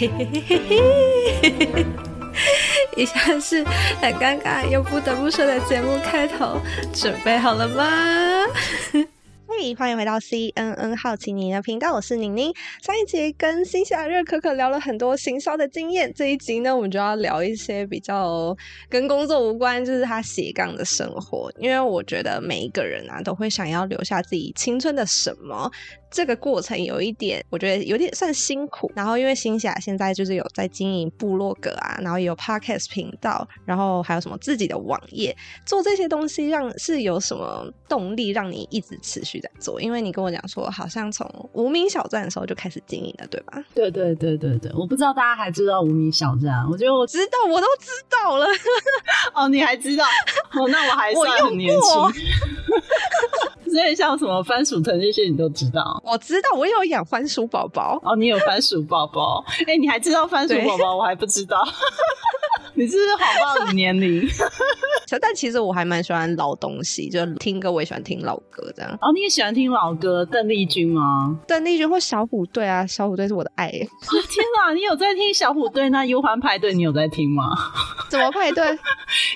嘿嘿，以下是很尷尬又不得不說的節目開頭，準備好了嗎？ 嘿，歡迎回到 CNN 好奇尼的頻道，我是寧寧。上一集跟辛西亞熱可可聊了很多行銷的經驗，這一集呢，我們就要聊一些比較跟工作無關，就是他斜槓的生活。因為我覺得每一個人啊，都會想要留下自己青春的什麼。這個過程有一點，我覺得有點算辛苦。然後，因為辛西亞現在就是有在經營部落格啊，然後也有 podcast 頻道，然後還有什麼自己的網頁，做這些東西讓是有什麼動力讓你一直持續在做？因為你跟我講說，好像從無名小站的時候就開始經營了，對吧？對對對對對，我不知道大家還知道無名小站，我覺得我知道，我都知道了。 哦，你還知道？哦，那我還算很年輕。 所以像什麼番薯藤那些，你都知道？我知道，我有養番薯寶寶。哦，你有番薯寶寶？哎、 欸，你還知道番薯寶寶，我還不知道。 你這是,是好棒的年齡， 但其實我還蠻喜歡老東西，就聽歌我也喜歡聽老歌這樣。哦，你也喜歡聽老歌，鄧、嗯、麗君嗎？鄧麗君或小虎隊啊，小虎隊是我的愛、哦。天吶、啊，你有在聽小虎隊那《憂歡派對》？你有在聽嗎？怎麼派對？ 《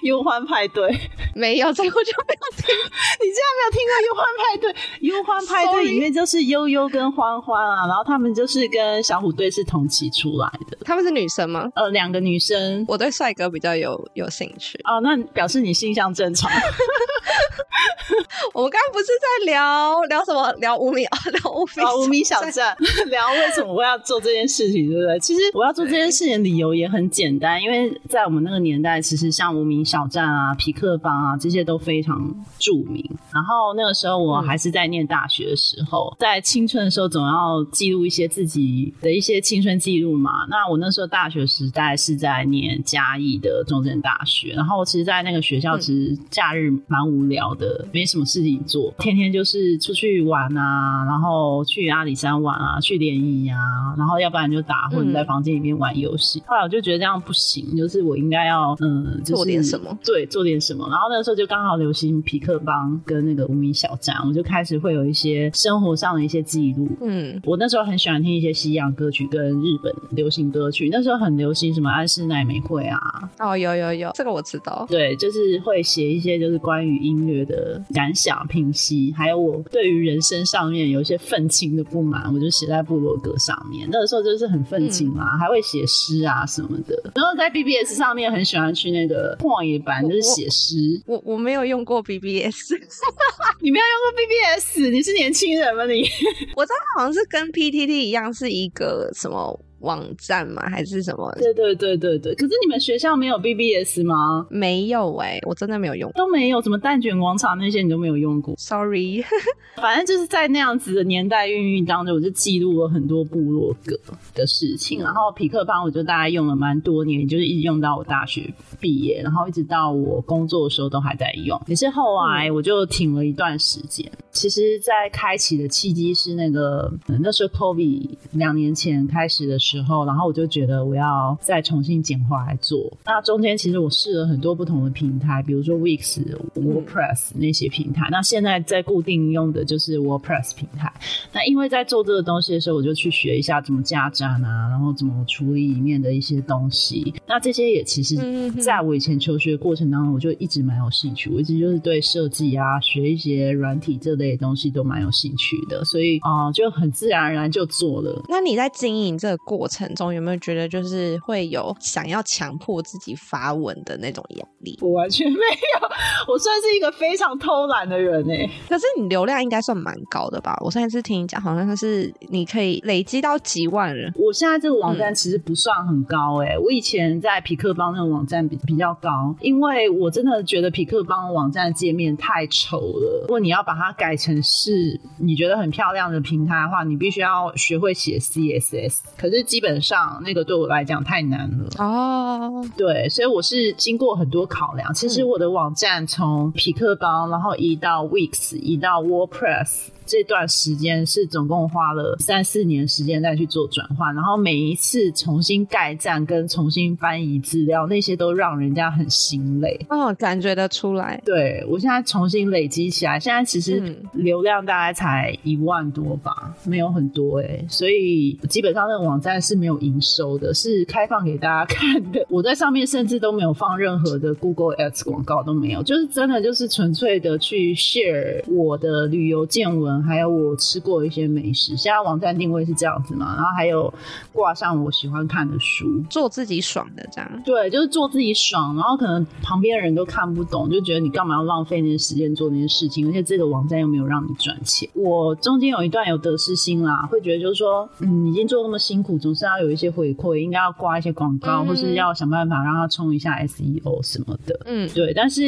憂歡派對》沒有，所以我就沒有聽。你竟然沒有聽過《憂歡派對》？《憂歡派對》裡面就是悠悠跟歡歡啊，然後他們就是跟小虎隊是同期出來的。他們是女生嗎？呃，兩個女生。我對帥哥。哥比較有有興趣哦，oh, 那表示你性向正常。 我們剛剛不是在聊聊什麼？聊無名，聊無名，啊，無名小站，聊為什麼我要做這件事情，對不對？其實我要做這件事情的理由也很簡單，因為在我們那個年代，其實像無名小站啊、痞客邦啊這些都非常著名。然後那個時候我還是在念大學的時候，嗯、在青春的時候總要記錄一些自己的一些青春記錄嘛。那我那時候大學時代是在念嘉義的中正大學，然後其實，在那個學校其實假日蠻無聊的。嗯沒什麼事情做，天天就是出去玩啊，然後去阿里山玩啊，去聯誼啊，然後要不然就打，嗯，或者在房間裡面玩遊戲。後來我就覺得這樣不行，就是我應該要嗯、呃就是，做點什麼，對，做點什麼。然後那時候就剛好流行痞客邦跟那個無名小站，我就開始會有一些生活上的一些記錄。嗯，我那時候很喜歡聽一些西洋歌曲跟日本流行歌曲，那時候很流行什麼安室奈美惠啊，哦，有，有有有，這個我知道。對，就是會寫一些就是關於音樂的。的感想、平息，還有我對於人生上面有一些憤青的不滿，我就寫在部落格上面。那個時候就是很憤青嘛，還會寫詩啊什麼的。然後在 BBS 上面很喜歡去那個曠野版，嗯、就是寫詩。我我,我沒有用過 BBS， 你沒有用過 BBS？你是年輕人嗎？你 我知道好像是跟 PTT 一樣，是一個什麼？網站嗎？還是什麼？對對對對對。可是你們學校沒有 BBS 嗎？沒有哎、欸，我真的沒有用過。都沒有什麼蛋卷廣場那些，你都沒有用過。Sorry， 反正就是在那樣子的年代孕育當中，我就記錄了很多部落格的事情。嗯、然後痞客邦我就大概用了蠻多年，就是一直用到我大學畢業，然後一直到我工作的時候都還在用。也是後來我就停了一段時間、嗯。其實，在開啟的契機是那個、嗯、那時候，COVID 兩年前開始的時候。時候，然後我就覺得我要再重新簡化來做。那中間其實我試了很多不同的平台，比如說 Wix、WordPress 那些平台、嗯。那現在在固定用的就是 WordPress 平台。那因為在做這個東西的時候，我就去學一下怎麼架站啊，然後怎麼處理裡面的一些東西。那這些也其實，在我以前求學的過程當中，我就一直蠻有興趣。我一直就是對設計啊、學一些軟體這類東西都蠻有興趣的，所以、嗯、就很自然而然就做了。那你在經營這個過過程中有沒有覺得就是會有想要強迫自己發文的那種壓力？我完全沒有，我算是一個非常偷懶的人哎、欸。可是你流量應該算蠻高的吧？我上次聽你講，好像是你可以累積到幾萬人。我現在這個網站其實不算很高哎、欸嗯，我以前在痞客邦那個網站比比較高，因為我真的覺得痞客邦網站界面太醜了。如果你要把它改成是你覺得很漂亮的平台的話，你必須要學會寫 CSS。可是。基本上那個對我來講太難了。哦，對，所以我是經過很多考量。其實我的網站從痞客邦，然後移到 Wix，移到 WordPress。這段時間是總共花了三四年時間再去做轉換，然後每一次重新蓋站跟重新翻譯資料，那些都讓人家很心累。哦，感覺得出來。對，我現在重新累積起來，現在其實流量大概才一萬多吧、嗯，沒有很多哎、欸，所以基本上那個網站是沒有營收的，是開放給大家看的。我在上面甚至都沒有放任何的 Google Ads 廣告，都沒有，就是真的就是純粹的去 share 我的旅遊見聞。還有我吃過一些美食，現在網站定位是這樣子嘛，然後還有掛上我喜歡看的書，做自己爽的這樣。對，就是做自己爽，然後可能旁邊人都看不懂，就覺得你幹嘛要浪費那些時間做那些事情？而且這個網站又沒有讓你賺錢。我中間有一段有得失心啦，會覺得就是說，嗯，已經做那麼辛苦，總是要有一些回饋，應該要掛一些廣告，嗯，或是要想辦法讓他衝一下 SEO 什麼的。嗯，對。但是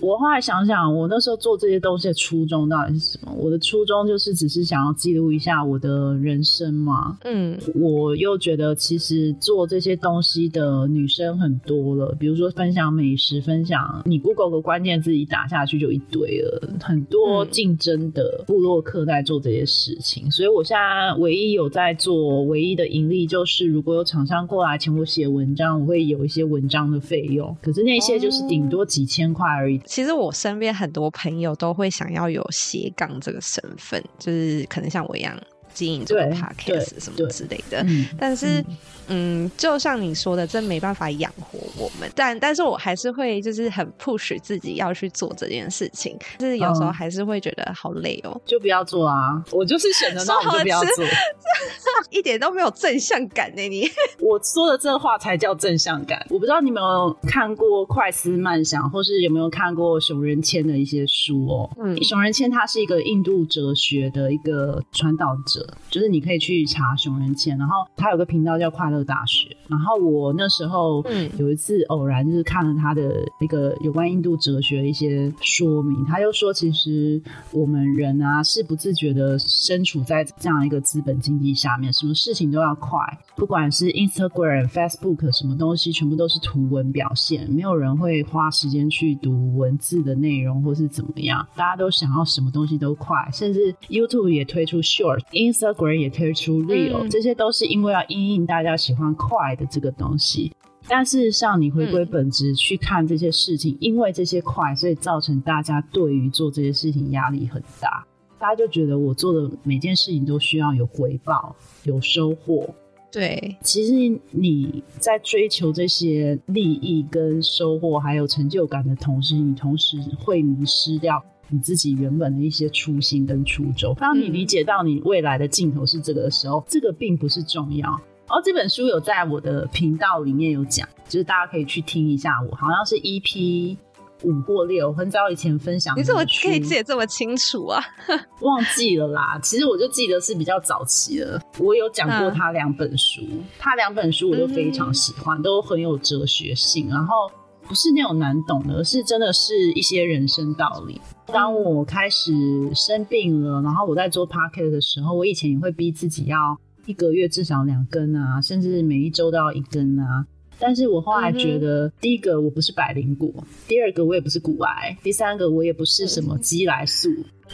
我後來想想，我那時候做這些東西的初衷到底是什麼？我的。初衷就是只是想要記錄一下我的人生嘛。嗯，我又覺得其實做這些東西的女生很多了，比如說分享美食，分享你 Google 的關鍵字一打下去就一堆了，很多競爭的部落客在做這些事情。嗯、所以我現在唯一有在做唯一的盈利就是如果有廠商過來請我寫文章，我會有一些文章的費用，可是那些就是頂多幾千塊而已。哦。其實我身邊很多朋友都會想要有斜槓這個事。成分就是可能像我一樣。經營這個 podcast 什麼之類的，但是嗯，嗯，就像你說的，這沒辦法養活我們，但但是我還是會就是很 push 自己要去做這件事情，就是有時候還是會覺得好累哦、喔嗯，就不要做啊，我就是選擇做就不要做， 一點都沒有正向感呢、欸，你我說的這話才叫正向感，我不知道你們有看過《快思慢想》或是有沒有看過熊仁謙的一些書哦、喔，嗯，熊仁謙他是一個印度哲學的一個傳導者。就是你可以去查熊仁謙，然後他有個頻道叫快樂大學。然後我那時候嗯，有一次偶然就是看了他的一個有關印度哲學的一些說明，他就說，其實我們人啊是不自覺的身處在這樣一個資本經濟下面，什麼事情都要快，不管是 Instagram、Facebook 什麼東西，全部都是圖文表現，沒有人會花時間去讀文字的內容或是怎麼樣，大家都想要什麼東西都快，甚至 YouTube 也推出 Short。Instagram、也推出 Real，嗯、這些都是因為要因應大家喜歡快的這個東西。但事實上，你回歸本質、嗯、去看這些事情，因為這些快，所以造成大家對於做這些事情壓力很大。大家就覺得我做的每件事情都需要有回報、有收穫。對，其實你在追求這些利益跟收穫還有成就感的同時，你同時會迷失掉。你自己原本的一些初心跟初衷。當你理解到你未來的盡頭是這個的時候，這個並不是重要。哦，這本書有在我的頻道裡面有講，就是大家可以去聽一下我。我好像是 EP 五或六，很早以前分享的。你怎麼可以記得這麼清楚啊？ 忘記了啦。其實我就記得是比較早期了。我有講過他兩本書，啊、他兩本書我都非常喜歡，都很有哲學性。然後。不是那種難懂的，而是真的是一些人生道理。當我開始生病了，然後我在做 podcast 的時候，我以前也會逼自己要一個月至少兩根啊，甚至每一周都要一根啊。但是我後來覺得，嗯、第一個我不是百靈果，第二個我也不是股癌，第三個我也不是什麼雞來素。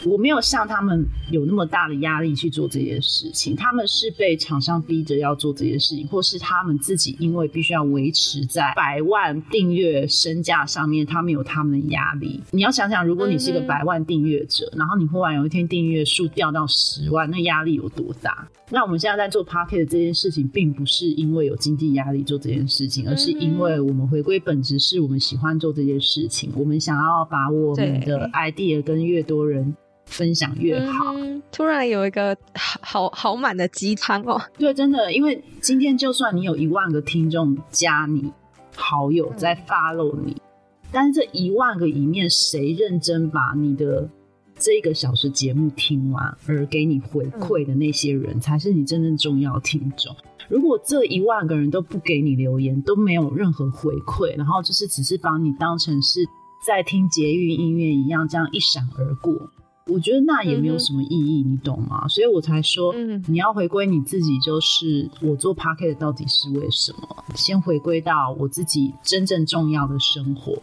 我沒有像他們有那麼大的壓力去做這些事情，他們是被廠商逼着要做這些事情，或是他們自己因為必須要維持在百萬訂閱身價上面，他們有他們的壓力。你要想想，如果你是一個百萬訂閱者、嗯，然後你忽然有一天訂閱數掉到十萬，那壓力有多大？那我們現在在做 Podcast 這件事情，並不是因為有經濟壓力做這件事情，而是因為我們回歸本質，是我們喜歡做這件事情，我們想要把我們的 idea 跟越多人。分享越好，嗯，突然有一個好好滿的雞湯哦。對，真的，因為今天就算你有一萬個聽眾加你好友在 follow 你，嗯，但是這一萬個裡面，誰認真把你的這個小時節目聽完而給你回饋的那些人，嗯，才是你真正重要聽眾。如果這一萬個人都不給你留言，都沒有任何回饋，然後就是只是把你當成是在聽捷運音樂一樣，這樣一閃而過。我覺得那也沒有什麼意義，嗯、你懂嗎？所以我才說，嗯、你要回歸你自己。就是我做 Podcast 到底是為什麼？先回歸到我自己真正重要的生活，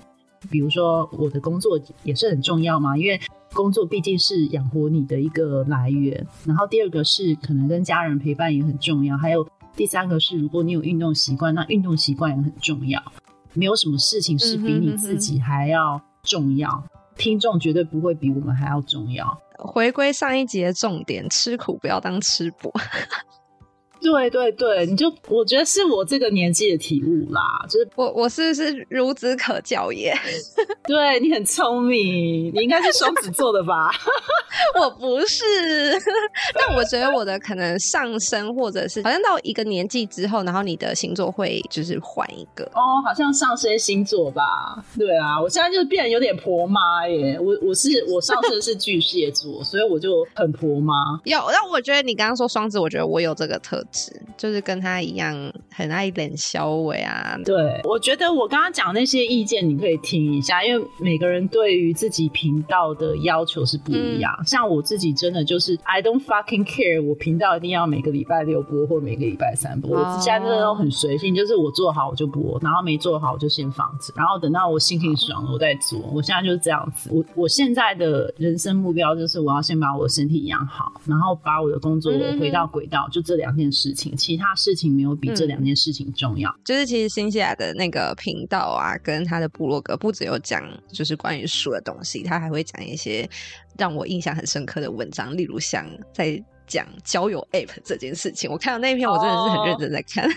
比如說我的工作也是很重要嘛，因為工作畢竟是養活你的一個來源。然後第二個是可能跟家人陪伴也很重要，還有第三個是如果你有運動習慣，那運動習慣也很重要。沒有什麼事情是比你自己還要重要。嗯聽眾絕對不會比我們還要重要。回歸上一集的重點，吃苦不要當吃播。 對對對，你就我覺得是我這個年紀的體悟啦，就是我我是不是孺子可教也？ 對，你很聰明，你應該是雙子座的吧？ 我不是，但我覺得我的可能上升或者是好像到一個年紀之後，然後你的星座會就是換一個哦，好像上升星座吧？對啊，我現在就變得有點婆媽耶。我我是我上升是巨蟹座， 所以我就很婆媽。有，那我覺得你剛剛說雙子，我覺得我有這個特質。就是跟他一樣，很愛點消尾啊。對，我覺得我剛剛講那些意見，你可以聽一下，因為每個人對於自己頻道的要求是不一樣。嗯、像我自己，真的就是 I don't fucking care，我頻道一定要每個禮拜六播或每個禮拜三播。哦、我現在真的都很隨性，就是我做好我就播，然後沒做好我就先放着，然後等到我心情爽了我再做。我現在就是這樣子。我我現在的人生目標就是我要先把我的身體養好，然後把我的工作回到軌道，嗯嗯就這兩件事。事情，其他事情沒有比這兩件事情重要。嗯，就是其實辛西亞的那個頻道啊，跟他的部落格不只有講就是關於書的東西，他還會講一些讓我印象很深刻的文章，例如像在。講交友 APP 這件事情，我看到那一篇，我真的是很認真在看、哦、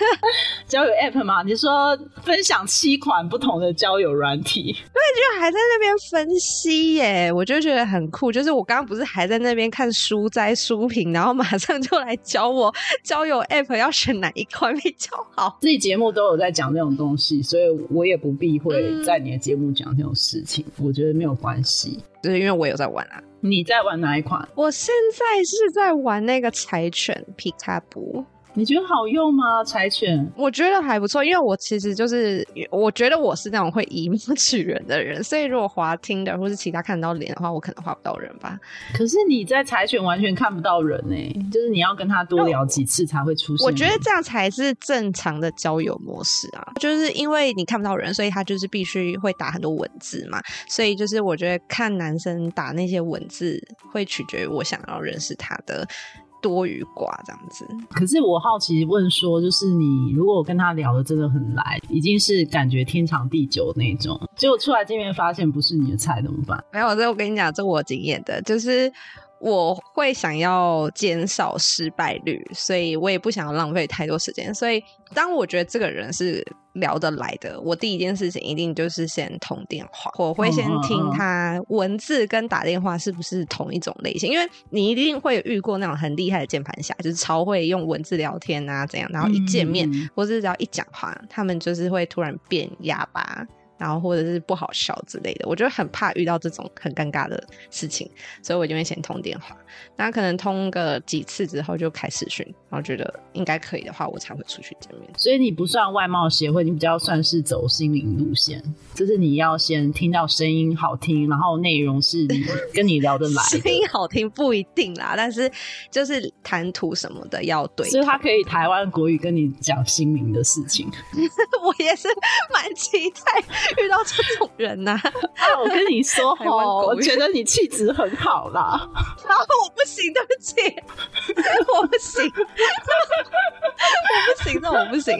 交友 APP 嘛。你說分享七款不同的交友軟體，對，就還在那邊分析耶，我就覺得很酷。就是我剛剛不是還在那邊看書摘書評，然後馬上就來教我交友 APP 要選哪一款比較好。自己節目都有在講這種東西，所以我也不避諱在你的節目講這種事情、嗯，我覺得沒有關係。就是因為我有在玩啊。你在玩哪一款？我現在是在玩那個柴犬皮卡布。你覺得好用嗎？柴犬，我覺得還不錯，因為我其實就是我覺得我是那種會以貌取人的人，所以如果滑聽的或是其他看到的臉的話，我可能滑不到人吧。可是你在柴犬完全看不到人欸，就是你要跟他多聊幾次才會出現。我覺得這樣才是正常的交友模式啊，就是因為你看不到人，所以他就是必須會打很多文字嘛，所以就是我覺得看男生打那些文字，會取決於我想要認識他的。多餘掛這樣子，可是我好奇問說，就是你如果跟他聊的真的很來，已經是感覺天長地久那種，結果出來見面發現不是你的菜，怎麼辦？沒有，這我跟你講，這我經驗的就是。我會想要減少失敗率，所以我也不想要浪費太多時間。所以當我覺得這個人是聊得來的，我第一件事情一定就是先通電話。我會先聽他文字跟打電話是不是同一種類型，因為你一定會遇過那種很厲害的鍵盤俠，就是超會用文字聊天啊，怎樣？然後一見面、嗯、或是只要一講話，他們就是會突然變啞巴。然後或者是不好笑之類的，我覺得很怕遇到這種很尷尬的事情，所以我就會先通電話。那可能通個幾次之後就開視訊，然後覺得應該可以的話，我才會出去見面。所以你不算外貌協會，你比較算是走心靈路線，就是你要先聽到聲音好聽，然後內容是跟你，跟你聊得來。聲音好聽不一定啦，但是就是談吐什麼的要對。所以他可以台灣國語跟你講心靈的事情， 我也是蠻期待。 遇到這種人吶、啊啊，我跟你說哈，我覺得你氣質很好啦。然 後我不行，對不起，我不行，我不行，那我不行。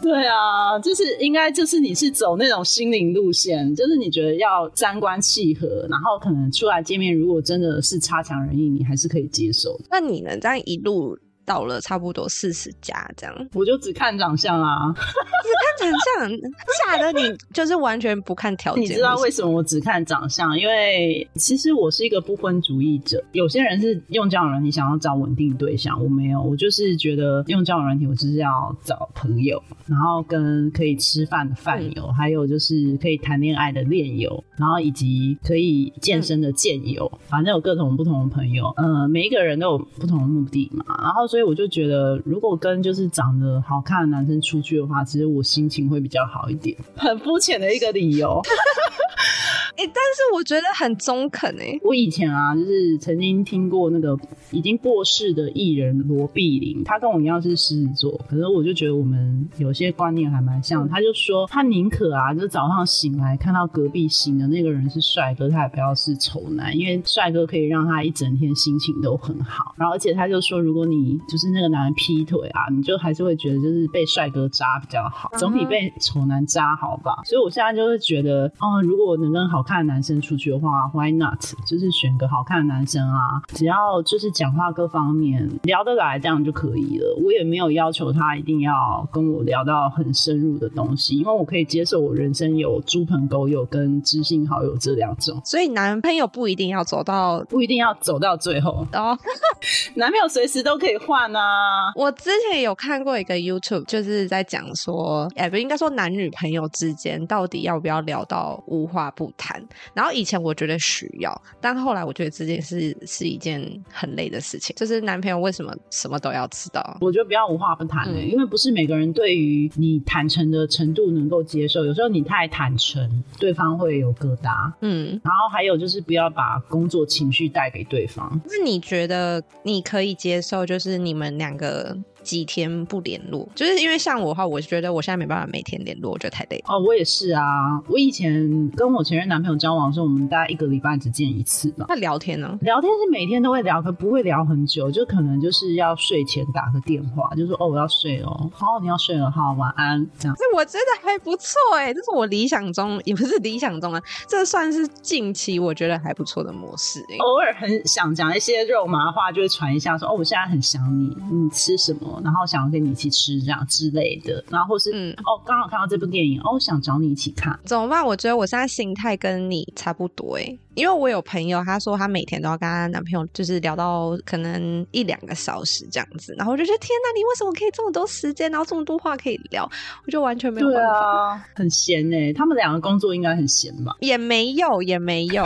對啊，就是應該就是你是走那種心靈路線，就是你覺得要三觀契合，然後可能出來見面，如果真的是差強人意，你還是可以接受。那你呢在一路？到了差不多四十加這樣，我就只看長相啊， 只看長相，嚇得你就是完全不看條件。 你知道為什麼我只看長相？因為其實我是一個不婚主義者。有些人是用這樣軟體你想要找穩定對象，我沒有，我就是覺得用這樣的軟體我就是要找朋友，然後跟可以吃飯的飯友、嗯，還有就是可以談戀愛的戀友，然後以及可以健身的健友、嗯，反正有各種不同的朋友。嗯、呃，每一個人都有不同的目的嘛，然後。所以我就覺得，如果跟就是長得好看的男生出去的話，其實我心情會比較好一點。很膚淺的一個理由，哎、 欸，但是我覺得很中肯哎、欸。我以前啊，就是曾經聽過那個已經過世的藝人羅碧玲，他跟我一樣是獅子座，可是我就覺得我們有些觀念還蠻像的。他就說，他寧可啊，就早上醒來看到隔壁醒的那個人是帥哥，他也不要是醜男，因為帥哥可以讓他一整天心情都很好。然後，而且他就說，如果你就是那個男人劈腿啊，你就還是會覺得就是被帥哥渣比較好，總比被醜男渣好吧？所以我現在就是覺得，哦，如果能跟好看的男生出去的話，Why not？就是選個好看的男生啊，只要就是講話各方面聊得來，這樣就可以了。我也沒有要求他一定要跟我聊到很深入的東西，因為我可以接受我人生有豬朋狗友跟知心好友這兩種。所以男朋友不一定要走到，不一定要走到最後哦，oh. 男朋友隨時都可以換。換呢？我之前有看過一個 YouTube，就是在講說，哎，不應該說男女朋友之間到底要不要聊到無話不談。然後以前我覺得需要，但後來我覺得這件事是，是一件很累的事情。就是男朋友為什麼什麼都要知道？我覺得不要無話不談，欸嗯，因為不是每個人對於你坦誠的程度能夠接受。有時候你太坦誠，對方會有疙瘩。嗯，然後還有就是不要把工作情緒帶給對方。那你覺得你可以接受，就是？你們兩個。幾天不聯絡，就是因為像我的話，我覺得我現在沒辦法每天聯絡，我覺得太累了。哦，我也是啊。我以前跟我前任男朋友交往的時候，我們大概一個禮拜只見一次吧。那聊天呢？聊天是每天都會聊，可不會聊很久，就可能就是要睡前打個電話，就說哦，我要睡了。好，你要睡了，好，晚安，這樣。這我覺得還不錯哎、欸，這是我理想中，也不是理想中啊，這算是近期我覺得還不錯的模式、欸。偶爾很想講一些肉麻的話，就會傳一下說哦，我現在很想你，你吃什麼？然後想要跟你一起吃這樣之類的，然後或是，嗯，哦，剛好看到這部電影，哦，想找你一起看。怎麼辦？我覺得我現在心態跟你差不多誒、欸。因為我有朋友，她說她每天都要跟她男朋友就是聊到可能一兩個小時這樣子，然後我就覺得天哪，你為什麼可以這麼多時間，然後這麼多話可以聊？我就完全沒有辦法。對啊，很閒欸。他們兩個工作應該很閒吧？也沒有，也沒有。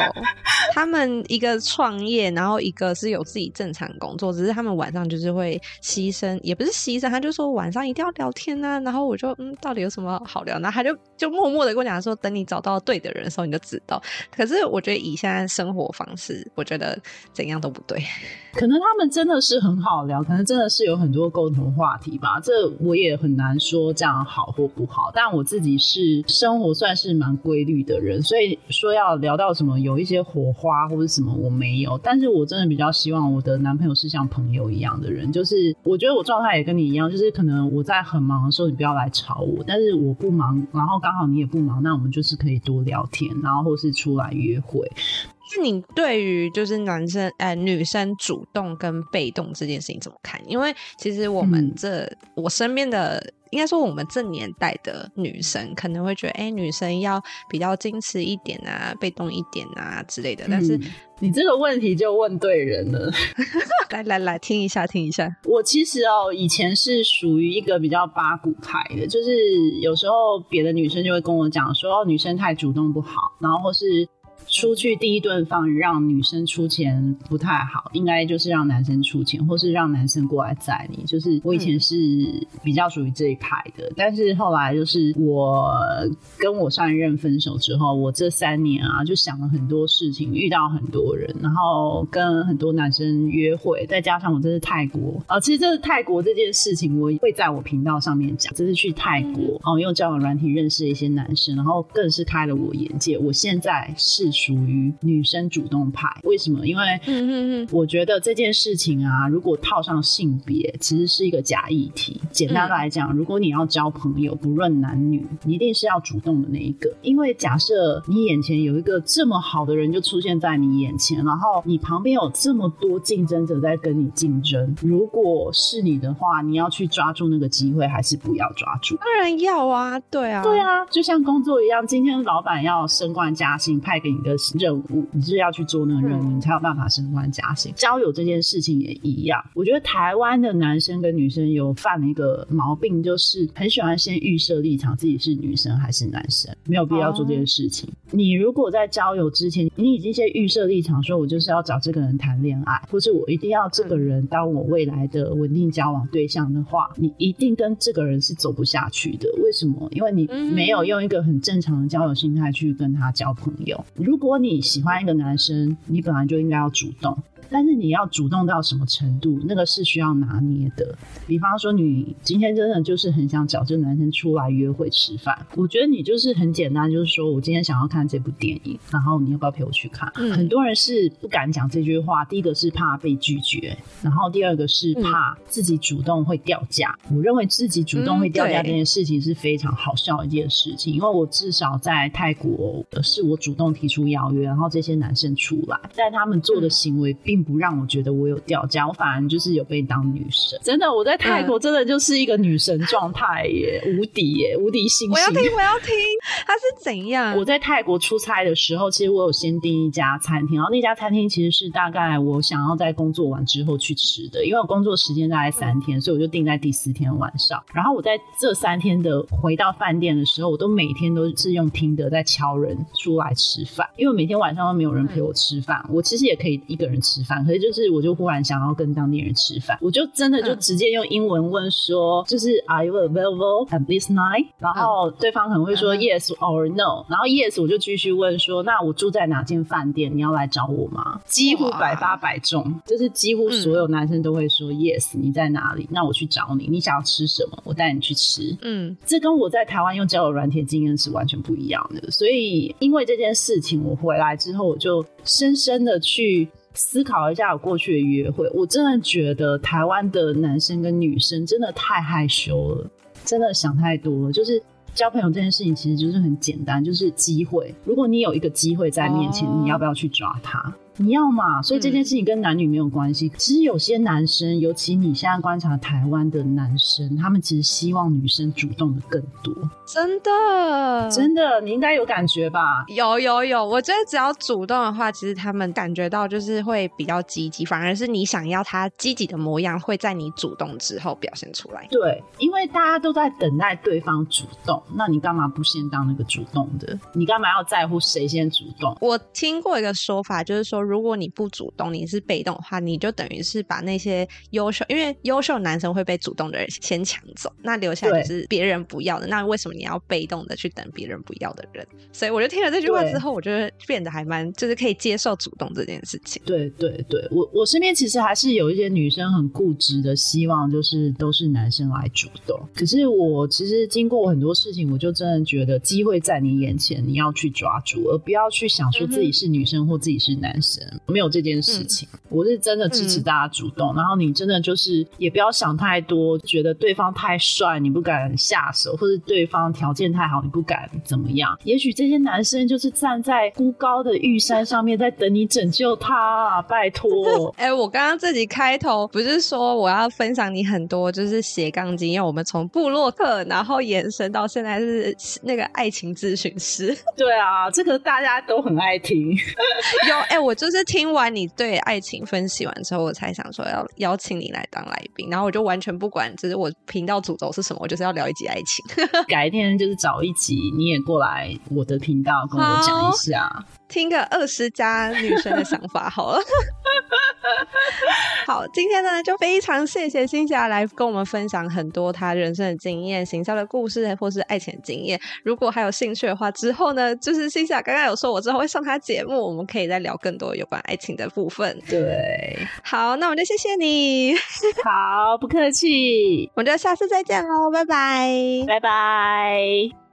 他們一個創業，然後一個是有自己正常工作，只是他們晚上就是會犧牲，也不是犧牲，他就說晚上一定要聊天啊。然後我就嗯，到底有什麼好聊呢？他就就默默的跟我講說，等你找到對的人的時候，你就知道。可是我覺得以現在生活方式，我覺得怎樣都不對。可能他們真的是很好聊，可能真的是有很多共同話題吧。這我也很難說這樣好或不好。但我自己是生活算是蠻規律的人，所以說要聊到什麼有一些火花或者什麼，我沒有。但是我真的比較希望我的男朋友是像朋友一樣的人。就是我覺得我狀態也跟你一樣，就是可能我在很忙的時候，你不要來吵我。但是我不忙，然後剛好你也不忙，那我們就是可以多聊天，然後或是出來約會。那你對於就是男生、呃、女生主動跟被動這件事情怎麼看？因為其實我們這、嗯、我身邊的應該說我們這年代的女生可能會覺得哎、欸、女生要比較矜持一點啊，被動一點啊之類的。但是、嗯、你這個問題就問對人了， 來來來聽一下聽一下。我其實哦以前是屬於一個比較八股派的，就是有時候別的女生就會跟我講說哦女生太主動不好，然後或是。出去第一頓飯讓女生出錢不太好，應該就是讓男生出錢，或是讓男生過來載你。就是我以前是比較屬於這一派的、嗯，但是後來就是我跟我上一任分手之後，我這三年啊就想了很多事情，遇到很多人，然後跟很多男生約會，再加上我這是泰國啊、哦，其實這是泰國這件事情，我會在我頻道上面講。這是去泰國，然、哦、後用交友軟體認識一些男生，然後更是開了我眼界。我現在是。屬於女生主動派，為什麼？因為我覺得這件事情啊，如果套上性別，其實是一個假議題。簡單來講，如果你要交朋友，不論男女，你一定是要主動的那一個。因為假設你眼前有一個這麼好的人就出現在你眼前，然後你旁邊有這麼多競爭者在跟你競爭，如果是你的話，你要去抓住那個機會，還是不要抓住？當然要啊，對啊，對啊，就像工作一樣，今天老闆要升官加薪，派給你。你的任務，你是要去做那個任務，你才有辦法升官加薪。交友這件事情也一樣，我覺得台灣的男生跟女生有犯了一個毛病，就是很喜歡先預設立場，自己是女生還是男生，沒有必要做這件事情。你如果在交友之前，你已經先預設立場，說我就是要找這個人談戀愛，或是我一定要這個人當我未來的穩定交往對象的話，你一定跟這個人是走不下去的。為什麼？因為你沒有用一個很正常的交友心態去跟他交朋友。如果你喜歡一個男生，你本來就應該要主動。但是你要主動到什麼程度？那個是需要拿捏的。比方說，你今天真的就是很想找這個男生出來約會吃飯，我覺得你就是很簡單，就是說我今天想要看這部電影，然後你要不要陪我去看？嗯、很多人是不敢講這句話，第一個是怕被拒絕，然後第二個是怕自己主動會掉價、嗯。我認為自己主動會掉價這件事情是非常好笑一件事情、嗯，因為我至少在泰國是我主動提出邀約，然後這些男生出來，但他們做的行為並。並不讓我覺得我有掉價，我反而就是有被當女神。真的，我在泰國真的就是一個女神狀態耶、嗯、耶，無敵耶，無敵信心。我要聽，我要聽，他是怎樣？我在泰國出差的時候，其實我有先訂一家餐廳，然後那家餐廳其實是大概我想要在工作完之後去吃的，因為我工作時間大概三天，嗯、所以我就訂在第四天晚上。然後我在這三天的回到飯店的時候，我都每天都是用 Tinder 在敲人出來吃飯，因為每天晚上都沒有人陪我吃飯、嗯，我其實也可以一個人吃。反而就是，我就忽然想要跟當地人吃飯，我就真的就直接用英文問說，就是 Are you available at this night？然後對方可能會說 Yes or No。然後 Yes，我就繼續問說，那我住在哪間飯店？你要來找我嗎？幾乎百發百中，就是幾乎所有男生都會說 Yes。你在哪裡？那我去找你。你想要吃什麼？我帶你去吃。嗯，這跟我在台灣用交友軟體經驗是完全不一樣的。所以因為這件事情，我回來之後我就深深的去。思考一下我過去的約會，我真的覺得台灣的男生跟女生真的太害羞了，真的想太多了。就是交朋友這件事情，其實就是很簡單，就是機會。如果你有一個機會在面前，你要不要去抓它？你要嘛，所以這件事情跟男女沒有關係。嗯。其實有些男生，尤其你現在觀察台灣的男生，他們其實希望女生主動的更多。真的，真的，你應該有感覺吧？有有有，我覺得只要主動的話，其實他們感覺到就是會比較積極。反而是你想要他積極的模樣，會在你主動之後表現出來。對，因為大家都在等待對方主動，那你幹嘛不先當那個主動的？你幹嘛要在乎誰先主動？我聽過一個說法，就是說。如果你不主動，你是被動的話，你就等於是把那些優秀，因為優秀男生會被主動的人先搶走，那留下來是別人不要的。那為什麼你要被動的去等別人不要的人？所以，我就聽了這句話之後，我就變得還蠻，就是可以接受主動這件事情。對對對，我我身邊其實還是有一些女生很固執的，希望就是都是男生來主動。可是，我其實經過很多事情，我就真的覺得機會在你眼前，你要去抓住，而不要去想說自己是女生或自己是男生。嗯沒有這件事情、嗯，我是真的支持大家主動、嗯。然後你真的就是也不要想太多，覺得對方太帥你不敢下手，或者對方條件太好你不敢怎麼樣。也許這些男生就是站在孤高的玉山上面，在等你拯救他、啊。拜託，哎、欸，我剛剛這集開頭不是說我要分享你很多就是斜槓經驗。因為我們從部落客，然後延伸到現在是那個愛情諮詢師。對啊，這個大家都很愛聽。有，哎、欸，我這。就是聽完你對愛情分析完之後，我才想說要邀請你來當來賓。然後我就完全不管，就是我頻道主軸是什麼，我就是要聊一集愛情。 改天就是找一集，你也過來我的頻道跟我講一下，聽個二十加女生的想法好了。 好，今天呢就非常謝謝辛西亞來跟我們分享很多他人生的經驗、行銷的故事，或是愛情的經驗。如果還有興趣的話，之後呢就是辛西亞剛剛有說，我之後會上他節目，我們可以再聊更多有關愛情的部分。對，好，那我就謝謝你。 好，不客氣，我們就下次再見嘍，拜拜，拜拜。